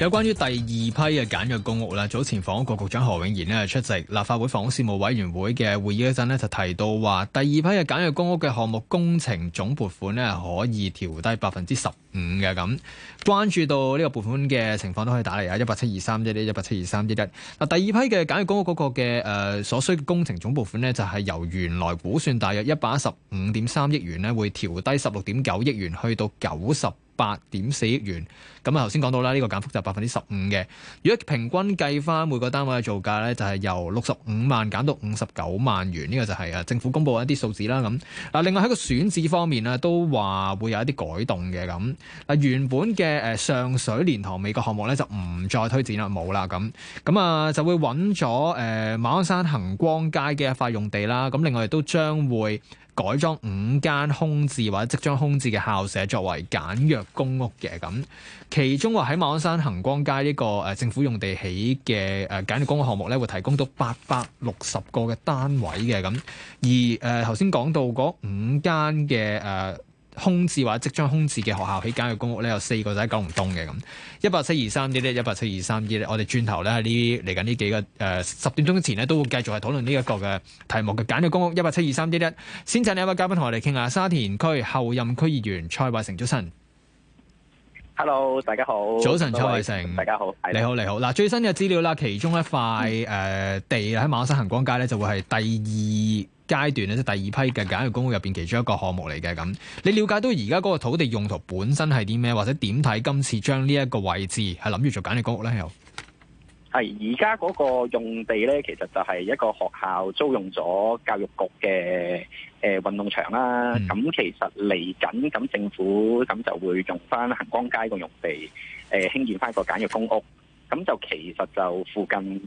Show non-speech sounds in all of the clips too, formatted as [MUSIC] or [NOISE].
有關於第二批嘅簡約公屋啦，早前房屋局局長何永賢咧出席立法會房屋事務委員會嘅會議嗰陣咧，就提到話第二批嘅簡約公屋嘅項目工程總撥款咧，可以調低百分之十五嘅。咁關注到呢個撥款嘅情況都可以打嚟啊，一八七二三一一一八七二三一一。嗱，第二批嘅簡約公屋嗰個嘅誒所需的工程總撥款呢，就係由原來估算大約一百一十五點三億元咧，會調低十六點九億元，去到九十。八點四億元，咁啊頭先講到啦，呢個減幅就百分之十五嘅。如果平均計翻每個單位嘅造價呢，就係由六十五萬減到五十九萬元，呢個就係啊政府公布一啲數字啦。咁嗱，另外喺個選址方面呢，都話會有一啲改動嘅。咁嗱，原本嘅上水蓮塘每個項目呢，就唔再推薦啦，冇啦咁，咁啊就會揾咗誒馬鞍山恆光街嘅一塊用地啦。咁另外亦都將會，改裝五間空置或者即將空置嘅校舍作為簡約公屋嘅。咁，其中話喺馬鞍山恆光街呢個誒政府用地起嘅誒簡約公屋項目咧，會提供到八百六十個嘅單位嘅。咁，而誒頭先講到嗰五間嘅誒。空置或者即將空置嘅學校起簡約公屋咧，有四個仔喺九龍東嘅咁，一百七二三啲咧，一百七二三啲咧，我哋轉頭咧喺呢嚟緊呢幾個誒、呃、十點鐘前呢，都會繼續係討論呢一個嘅題目嘅簡約公屋，一百七二三啲咧，先請呢，一位嘉賓同我哋傾下，沙田區後任區議員蔡惠誠早晨，Hello，大家好，早晨位蔡惠誠，大家好，你好你好，嗱的最新嘅資料啦，其中一塊誒地喺、嗯、馬鞍山恆光街咧就會係第二。階段咧，即、就是、第二批嘅簡約公屋入邊，其中一個項目嚟嘅咁。你了解到而家嗰個土地用途本身係啲咩，或者點睇今次將呢一個位置係諗住做簡約公屋咧？又係而家嗰個用地咧，其實就係一個學校租用咗教育局嘅誒、呃、運動場啦。咁、嗯、其實嚟緊咁政府咁就會用翻恆光街個用地誒、呃、興建翻一個簡約公屋。咁就其實就附近，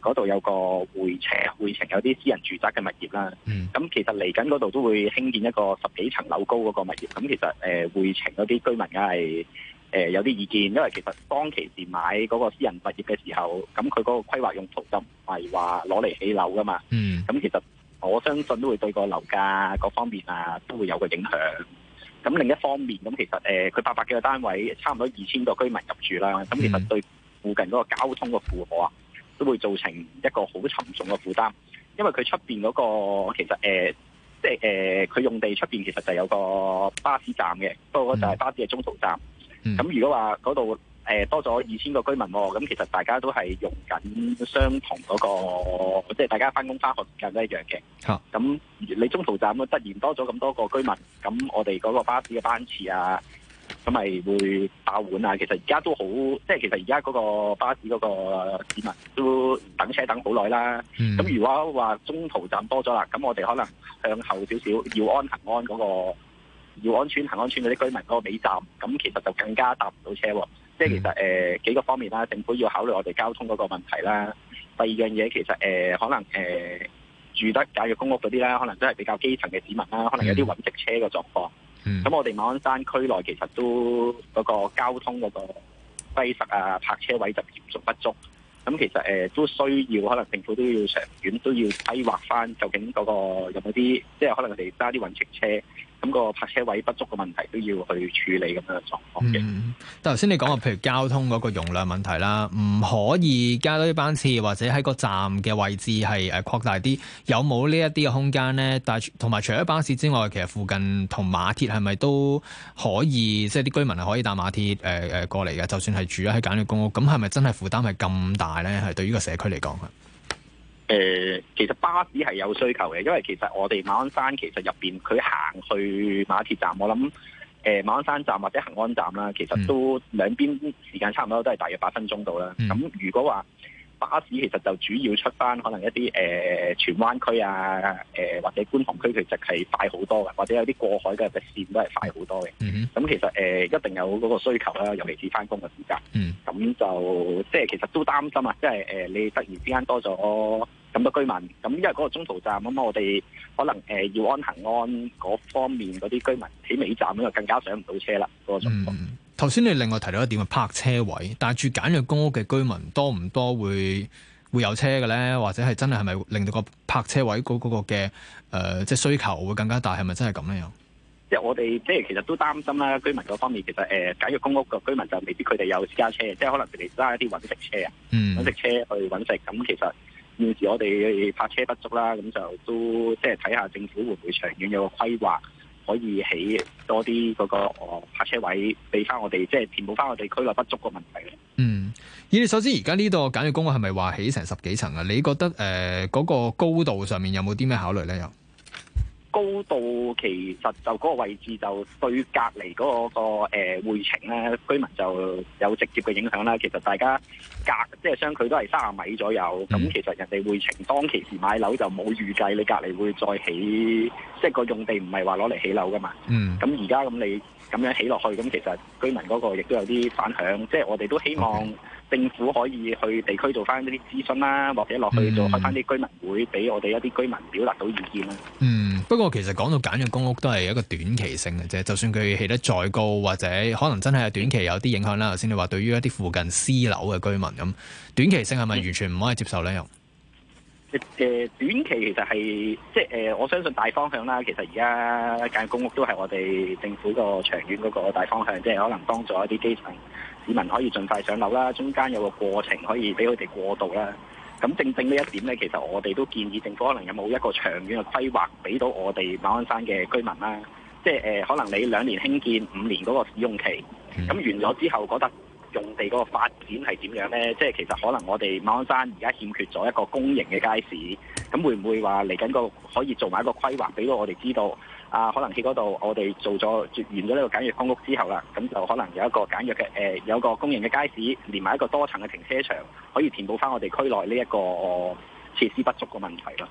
嗰度有個匯程，匯程有啲私人住宅嘅物業啦。咁、mm. 其實嚟緊嗰度都會興建一個十幾層樓高嗰個物業。咁其實匯程嗰啲居民梗係、呃、有啲意見，因為其實當其時買嗰個私人物業嘅時候，咁佢嗰個規劃用途就唔係話攞嚟起樓噶嘛。咁、mm. 其實我相信都會對個樓價各方面啊都會有個影響。咁另一方面，咁其實誒佢八百幾個單位，差唔多二千個居民入住啦。咁其實對附近嗰個交通個負荷啊～都會造成一個好沉重嘅負擔，因為佢出邊嗰個其實誒、呃，即係誒，佢、呃、用地出邊其實就有個巴士站嘅，不過、嗯、就係巴士嘅中途站。咁、嗯、如果話嗰度誒多咗二千個居民、哦，咁其實大家都係用緊相同嗰個，即係大家返工返學時間都一樣嘅。咁、啊、你中途站咁突然多咗咁多個居民，咁我哋嗰個巴士嘅班次啊～咁咪會爆碗啊！其實而家都好，即係其實而家嗰個巴士嗰個市民都等車等好耐啦。咁、嗯、如果話中途站多咗啦，咁我哋可能向後少少，耀安、恒安嗰個耀安村、恒安村嗰啲居民嗰個尾站，咁其實就更加搭唔到車。嗯、即係其實、呃、幾個方面啦，政府要考慮我哋交通嗰個問題啦。第二樣嘢其實、呃、可能、呃、住得簡約公屋嗰啲啦，可能都係比較基層嘅市民啦，可能有啲揾食車嘅狀況。咁、嗯、我哋馬鞍山區內其實都嗰個交通嗰個逼塞啊，泊車位就嚴重不足。咁其實誒都需要，可能政府都要長遠都要規劃返，究竟嗰個有冇啲，即係可能我哋揸啲運程車。咁個泊車位不足嘅問題都要去處理，咁樣嘅狀況嘅、嗯。但頭先你講話，是的 譬如交通嗰個容量問題啦，唔可以加多啲班次，或者喺個站嘅位置係誒擴大啲，有冇呢一啲嘅空間咧？但同埋除咗巴士之外，其實附近同馬鐵係咪都可以，即係啲居民係可以搭馬鐵誒過嚟嘅？就算係住咗喺簡約公屋，咁係咪真係負擔係咁大咧？係對於呢個社區嚟講誒、呃，其實巴士係有需求嘅，因為其實我哋馬鞍山其實入邊，佢行去馬鐵站，我諗誒、呃、馬鞍山站或者恒安站啦，其實都、嗯、兩邊時間差唔多，都係大約八分鐘到啦。咁、嗯、如果話巴士其實就主要出返可能一啲誒、呃、荃灣區啊，誒、呃、或者觀塘區，其實係快好多嘅，或者有啲過海嘅線都係快好多嘅。咁、嗯、其實誒、呃、一定有嗰個需求啦，尤其是返工嘅時間。咁、嗯、就即係其實都擔心啊，即係誒、呃、你突然之間多咗。咁多居民，咁因為個中途站，咁我哋可能、呃、要安恆安嗰方面嗰啲居民起尾站咁就更加上唔到車啦。嗰、那個狀況。頭先、嗯、你另外提到一點，泊車位，但係住簡約公屋嘅居民多唔多會會有車嘅咧？或者係真係係咪令到個泊車位嗰個嘅、呃、即係需求會更加大？係咪真係咁樣呢？即係、嗯、我哋即係其實都擔心啦，居民嗰方面其實誒、呃、簡約公屋嘅居民就未必佢哋有私家車，即係可能佢哋揸一啲揾食車啊、揾、嗯、食車去搵食。咁、嗯、其實。要自我哋泊車不足啦，咁就都即係睇下政府會唔會長遠有個規劃可以起多啲嗰個泊車位，俾翻我哋即係填補翻我哋區內不足嘅問題。咧。嗯，以你所知，而家呢度簡約公屋係咪話起成十幾層啊？你覺得誒嗰、呃那個高度上面有冇啲咩考慮咧？又？高度其實就嗰個位置就對隔離嗰、嗰個、嗰個、呃、會程咧，居民就有直接嘅影響啦。其實大家隔即係相距都係三十米左右，咁、嗯、其實人哋會程當其時買樓就冇預計你隔離會再起，即係個用地唔係話攞嚟起樓噶嘛。嗯現在，咁而家咁你咁樣起落去，咁其實居民嗰個亦都有啲反響，即係我哋都希望。Okay. 政府可以去地區做翻一啲諮詢啦，或者落去做開翻啲居民會，俾我哋一啲居民表達到意見啦。嗯，不過其實講到簡約公屋都係一個短期性嘅啫，就算佢起得再高，或者可能真係短期有啲影響啦。頭先你話對於一啲附近私樓嘅居民咁，短期性係咪完全唔可以接受呢？嗯誒，短期其實係即係誒、呃，我相信大方向啦。其實而家間公屋都係我哋政府個長遠嗰個大方向，即係可能幫助一啲基層市民可以盡快上樓啦。中間有個過程可以俾佢哋過渡啦。咁正正呢一點咧，其實我哋都建議政府可能有冇一個長遠嘅規劃，俾到我哋馬鞍山嘅居民啦。即係、呃、可能你兩年興建五年嗰個使用期，咁完咗之後覺得，用地嗰個發展係點樣呢？即係其實可能我哋馬鞍山而家欠缺咗一個公營嘅街市，咁會唔會話嚟緊個可以做埋一個規劃俾到我哋知道？啊，可能喺嗰度我哋做咗完咗呢個簡約公屋之後啦，咁就可能有一個簡約嘅誒、呃，有個公營嘅街市，連埋一個多層嘅停車場，可以填補翻我哋區內呢、這、一個、呃、設施不足嘅問題咯。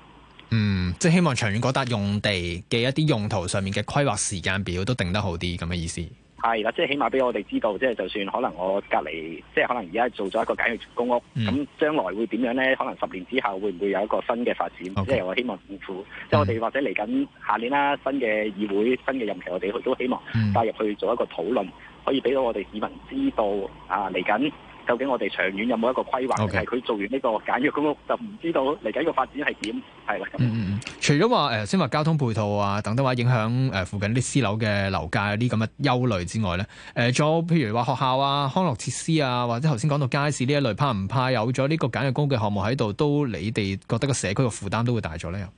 嗯，即係希望長遠嗰笪用地嘅一啲用途上面嘅規劃時間表都定得好啲咁嘅意思。係啦，即係起碼俾我哋知道，即係就算可能我隔離，即係可能而家做咗一個簡約公屋，咁、mm. 將來會點樣咧？可能十年之後會唔會有一個新嘅發展？即係 Okay. 我希望政府，即係、mm. 我哋或者嚟緊下，下年啦，新嘅議會、新嘅任期，我哋去都希望帶入去做一個討論，mm. 可以俾到我哋市民知道，啊嚟緊。究竟我哋長遠有冇一個規劃？係佢 Okay. 做完呢個簡約公屋，就唔知道嚟緊個發展係點？係啦，嗯嗯。除咗話誒，先話交通配套啊、等等話影響誒、呃、附近啲私樓嘅樓價啲咁嘅憂慮之外咧，誒、呃，仲有譬如話學校啊、康樂設施啊，或者頭先講到街市呢一類，怕唔怕有咗呢個簡約公屋嘅項目喺度，都你哋覺得個社區個負擔都會大咗咧？咁，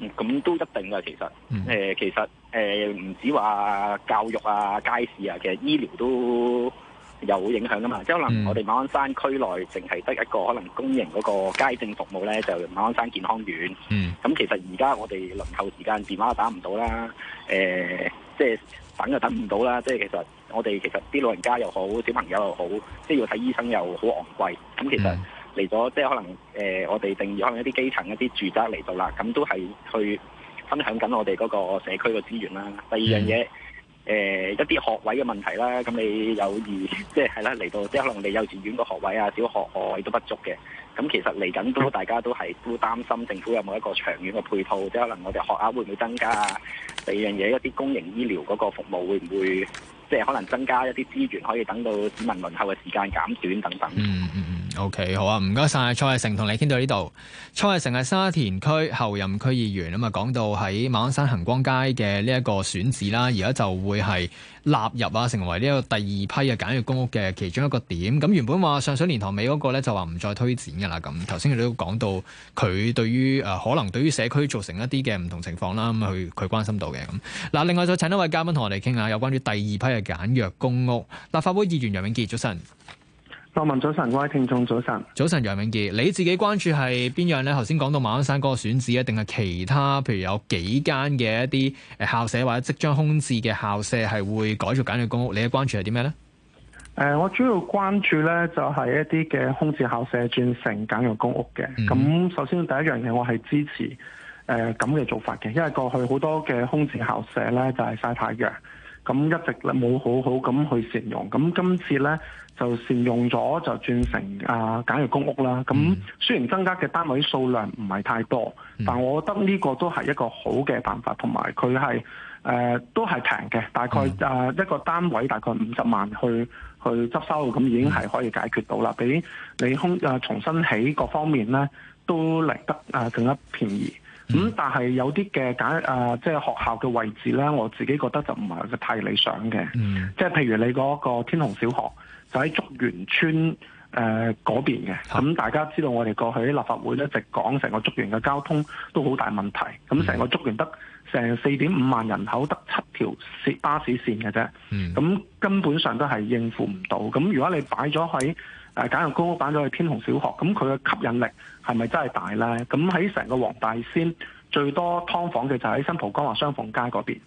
嗯嗯、都一定噶。其實，誒、呃，其實誒、唔、呃、止話教育啊、街市啊，其實醫療都。有影響㗎嘛！即係可能我哋馬鞍山區內淨係得一個可能公營嗰個街症服務咧，就馬鞍山健康院。嗯。咁其實而家我哋輪候時間電話打唔到啦，誒、呃，即係等就等唔到啦。即係其實我哋其實啲老人家又好，小朋友又好，即係要睇醫生又好昂貴。咁其實嚟咗、嗯、即係可能誒、呃，我哋定住可能一啲基層一啲住宅嚟到啦，咁都係去分享緊我哋嗰個社區嘅資源啦。第二樣嘢。嗯誒、呃、一啲學位嘅問題啦，咁你有意，即係係啦，嚟到即係可能你幼稚園嘅學位啊、小學學位都不足嘅，咁其實嚟緊都大家都係都擔心政府有冇一個長遠嘅配套，即係可能我哋學額會唔會增加啊？第二樣嘢，一啲公營醫療嗰個服務會唔會？即係可能增加一啲資源，可以等到市民輪候嘅時間減短等等。嗯嗯嗯，OK，好啊，唔該晒。蔡惠誠，同你傾到呢度。蔡惠誠係沙田區候任區議員咁啊，講到喺馬鞍山恆光街嘅呢一個選址啦，而家就會係納入啊，成為呢個個第二批嘅簡約公屋嘅其中一個點。咁原本話上水蓮塘尾嗰個就話唔再推展㗎啦。咁頭先佢都講到佢對於、呃、可能對於社區造成一啲嘅唔同情況啦，咁佢佢關心到嘅。咁嗱，另外再請一位嘉賓同我哋傾下有關於第二批嘅簡約公屋，立法會議員楊永杰，早晨。羅文早晨，各位聽眾早晨。早晨，楊永杰，你自己關注係邊樣咧？頭先講到馬鞍山嗰個選址啊，定係其他，譬如有幾間嘅一啲誒校舍或者即將空置嘅校舍係會改做簡約公屋？你嘅關注係點咩咧？誒、呃，我主要關注咧就係、是、一啲嘅空置校舍轉成簡約公屋嘅。咁、嗯、首先第一樣嘢，我係支持誒咁嘅做法嘅，因為過去好多嘅空置校舍咧就係、是、曬太陽，咁一直冇好好咁去善用。咁今次咧。就善用咗就轉成啊、呃、簡約公屋啦。咁、嗯、雖然增加嘅單位數量唔係太多，嗯、但我覺得呢個都係一個好嘅辦法，同埋佢係都係平嘅，大概、嗯呃、一個單位大概五十萬去去執收，咁已經係可以解決到啦。比你空、呃、重新起各方面咧都嚟得、呃、更加便宜。咁、嗯、但係有啲嘅簡誒即係學校嘅位置咧，我自己覺得就唔係太理想嘅，即係、嗯、譬如你嗰個天虹小學。就喺竹園村誒嗰、呃、邊嘅，咁大家知道我哋過去立法會咧，直講成個竹園嘅交通都好大問題，咁成個竹園得成四點五萬人口，得七條巴士線嘅啫，咁根本上都係應付唔到。咁如果你擺咗喺誒簡約公屋，揀咗去天虹小學，咁佢嘅吸引力係咪真係大咧？咁喺成個黃大仙最多劏房嘅就喺新蒲崗或雙鳳街嗰邊，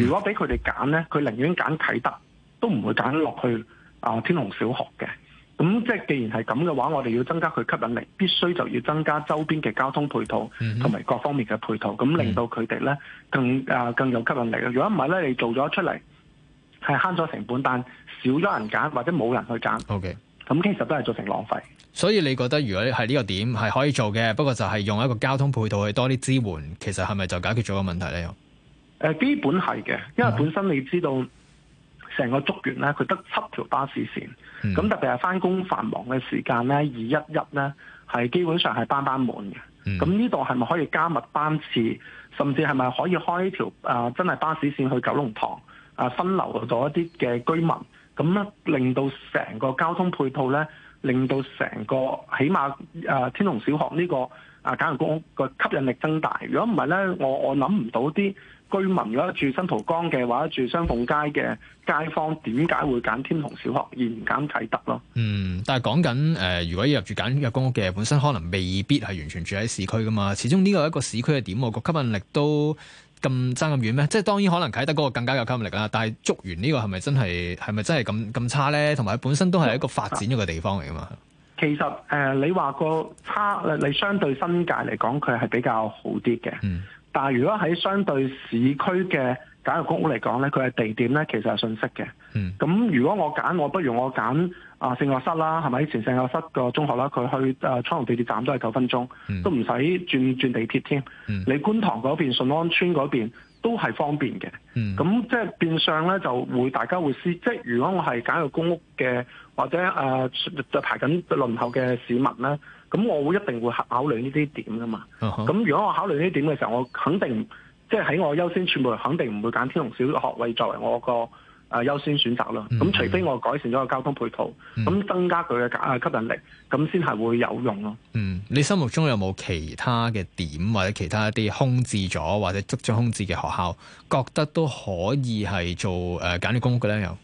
如果俾佢哋揀咧，佢寧願揀啟德，都唔會揀落去。啊！天虹小學嘅，咁即係，既然係咁嘅話，我哋要增加佢吸引力，必須就要增加周邊嘅交通配套同埋各方面嘅配套，咁、mm hmm. 令到佢哋咧更啊、呃、更有吸引力。如果唔係咧，你做咗出嚟係慳咗成本，但少咗人揀或者冇人去揀，咁 Okay. 其實都係造成浪費。所以你覺得如果係呢個點係可以做嘅，不過就係用一個交通配套去多啲支援，其實係咪就解決咗個問題咧、呃？基本係嘅，因為本身你知道。成個竹園咧，佢得七條巴士線，咁、嗯、特別係翻工繁忙嘅時間咧，二一一咧係基本上係班班滿嘅。咁呢度係咪可以加密班次，甚至係咪可以開條條、呃、真係巴士線去九龍塘啊、呃，分流咗一啲嘅居民，咁咧令到成個交通配套咧，令到成個起碼誒、呃、天龍小學呢、這個啊簡約公屋個吸引力增大。如果唔係咧，我我諗唔到啲。居民啦，住新蒲崗嘅話，或者住雙鳳街嘅街坊，點解會揀天虹小學而唔揀啟德咯？嗯，但係講緊誒，如果要入住簡約公屋嘅，本身可能未必係完全住喺市區噶嘛。始終呢個一個市區嘅點，個吸引力都咁爭咁遠咩？即係當然可能啟德嗰個更加有吸引力啦。但係竹園呢個係咪真係係咪真係咁咁差咧？同埋本身都係一個發展咗嘅地方嚟噶嘛。其實誒、呃，你話個差，你相對新界嚟講，佢係比較好啲嘅。嗯但如果喺相對市區嘅簡約公屋嚟講咧，佢嘅地點咧，其實係遜色嘅。咁、嗯、如果我揀，我不如我揀啊、呃、聖若瑟啦，係咪？以前聖若瑟個中學啦，佢去啊彩虹地鐵站都係九分鐘，嗯、都唔使轉轉地鐵添。嗯、你觀塘嗰邊、順安村嗰邊。都係方便嘅，咁、嗯、即係變相咧就會大家會思，即係如果我係揀個公屋嘅或者誒就、呃、排緊輪候嘅市民咧，咁我會一定會考慮呢啲點㗎嘛。咁、哦、哼如果我考慮呢啲點嘅時候，我肯定即係喺我優先全部，肯定唔會揀天龍小學位作為我個。誒、呃、優先選擇咯，咁除非我改善咗個交通配套，咁、嗯、增加佢嘅吸引力，咁先係會有用咯。嗯，你心目中有冇其他嘅點或者其他一啲空置咗或者即將空置嘅學校，覺得都可以係做誒簡約公屋嘅咧？有、呃、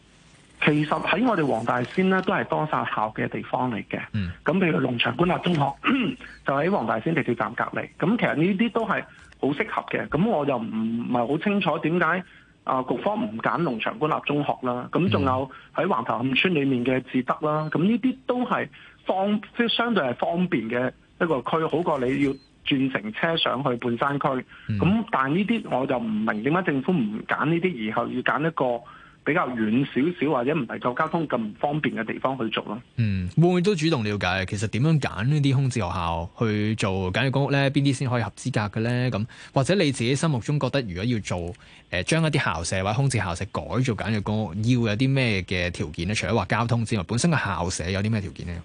其實喺我哋黃大仙咧，都係多殺校嘅地方嚟嘅。咁、嗯、譬如龍翔官立中學 [COUGHS] 就喺黃大仙地鐵站隔離，咁其實呢啲都係好適合嘅。咁我就唔係好清楚點解。啊！局方唔揀農場官立中學啦，咁仲有喺橫頭磡村裏面嘅智德啦，咁呢啲都係方即係相對係方便嘅一個區，好過你要轉乘車上去半山區。咁但係呢啲我就唔明點解政府唔揀呢啲，而後要揀一個。比較遠少少或者唔係夠交通咁方便嘅地方去做咯。嗯，會唔會都主動了解？其實點樣揀呢啲空置學校去做簡約公屋咧？邊啲先可以合資格嘅咧？咁或者你自己心目中覺得，如果要做誒，將、呃、一啲校舍或者空置校舍改做簡約公屋，要有啲咩嘅條件咧？除咗話交通之外，本身嘅校舍有啲咩條件咧？誒、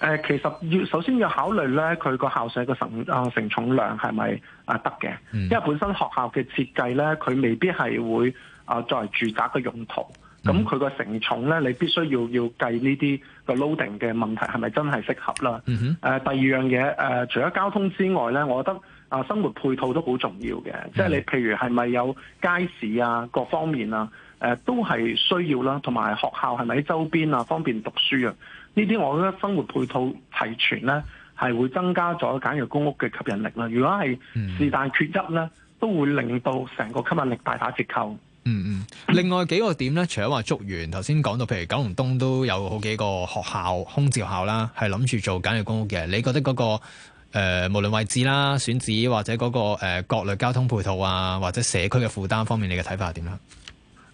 呃，其實要首先要考慮咧，佢個校舍嘅成啊承、呃、重量係咪啊得嘅？嗯、因為本身學校嘅設計咧，佢未必係會。啊，作為住宅嘅用途，咁佢個承重咧，你必須要要計呢啲個 loading 嘅問題係咪真係適合啦？誒、mm hmm. 呃，第二樣嘢誒、呃，除咗交通之外咧，我覺得啊，生活配套都好重要嘅，即係你譬如係咪有街市啊，各方面啊，呃、都係需要啦，同埋學校係咪喺周邊啊，方便讀書啊？呢啲我覺得生活配套齊全咧，係會增加咗簡約公屋嘅吸引力啦。如果係是但缺一咧，都會令到成個吸引力大打折扣。嗯嗯，另外幾個點咧，除咗話竹園，頭先講到，譬如九龍東都有好幾個學校空置學校啦，係諗住做簡易公屋嘅。你覺得嗰、那個無、呃、無論位置啦、選址或者嗰、那個各類、呃、交通配套啊，或者社區嘅負擔方面，你嘅睇法係點啦、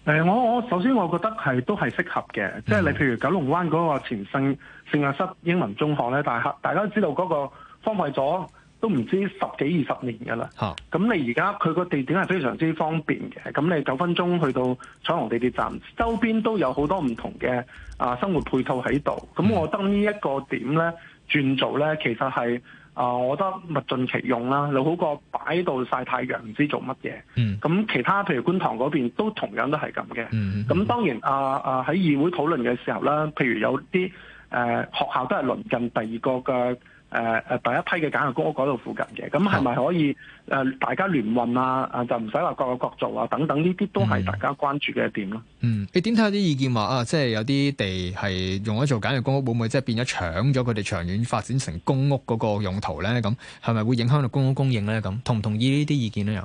呃、我我首先我覺得係都係適合嘅，嗯、即係你譬如九龍灣嗰個前聖聖亞室英文中學咧，大家都知道嗰個荒廢咗。都唔知十幾二十年㗎啦，咁、啊、你而家佢個地點係非常之方便嘅，咁你九分鐘去到彩虹地鐵站，周邊都有好多唔同嘅啊生活配套喺度，咁、嗯、我覺得呢一個點咧轉做咧，其實係啊、呃，我覺得物盡其用啦，你好過擺到曬太陽，唔知做乜嘢。咁、嗯、其他譬如觀塘嗰邊都同樣都係咁嘅。咁、嗯嗯嗯、當然啊啊，喺議會討論嘅時候啦，譬如有啲誒、啊、學校都係鄰近第二個嘅。誒誒、呃，第一批嘅簡約公屋嗰度附近嘅，咁係咪可以誒、呃、大家聯運啊？啊，就唔使話各個各做啊，等等呢啲都係大家關注嘅一點咯、嗯。嗯，你點睇下啲意見話啊？即係有啲地係用咗做簡約公屋，會唔會即係變咗搶咗佢哋長遠發展成公屋嗰個用途咧？咁係咪會影響到公屋供應咧？咁同唔同意呢啲意見咧？又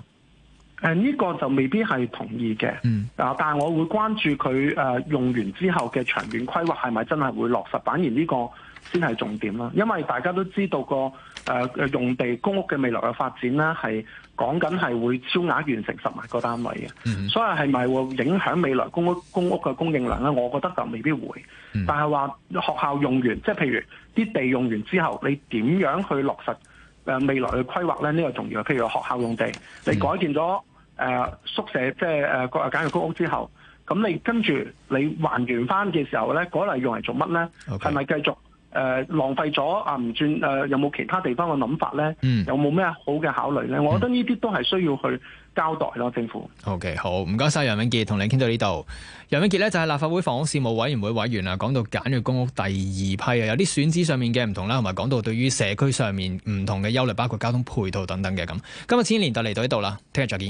誒呢個就未必係同意嘅。嗯。啊，但係我會關注佢誒、呃、用完之後嘅長遠規劃係咪真係會落實？反而呢、呢個。先係重點啦，因為大家都知道個誒、呃、用地公屋嘅未來嘅發展呢，係講緊係會超額完成十萬個單位嘅，mm hmm. 所以係咪會影響未來公屋公屋嘅供應量咧？我覺得就未必會。Mm hmm. 但係話學校用完，即係譬如啲地用完之後，你點樣去落實未來嘅規劃咧？呢、呢個重要。譬如學校用地，你改建咗誒、呃、宿舍，即係誒簡約公屋之後，咁你跟住你還原翻嘅時候咧，嗰嚟用嚟做乜咧？係咪 Okay. 繼續？誒、呃、浪費咗啊！唔、呃、有冇其他地方嘅諗法咧？嗯，有冇咩好嘅考慮咧？我覺得呢啲都係需要去交代咯，嗯、政府。ok 好唔該晒。楊永杰，同你傾到呢度。楊永杰咧就係立法會房屋事務委員會委員啊，講到簡約公屋第二批啊，有啲選址上面嘅唔同啦，同埋講到對於社區上面唔同嘅憂慮，包括交通配套等等嘅咁。今日千禧年代嚟到呢度啦，聽日再見。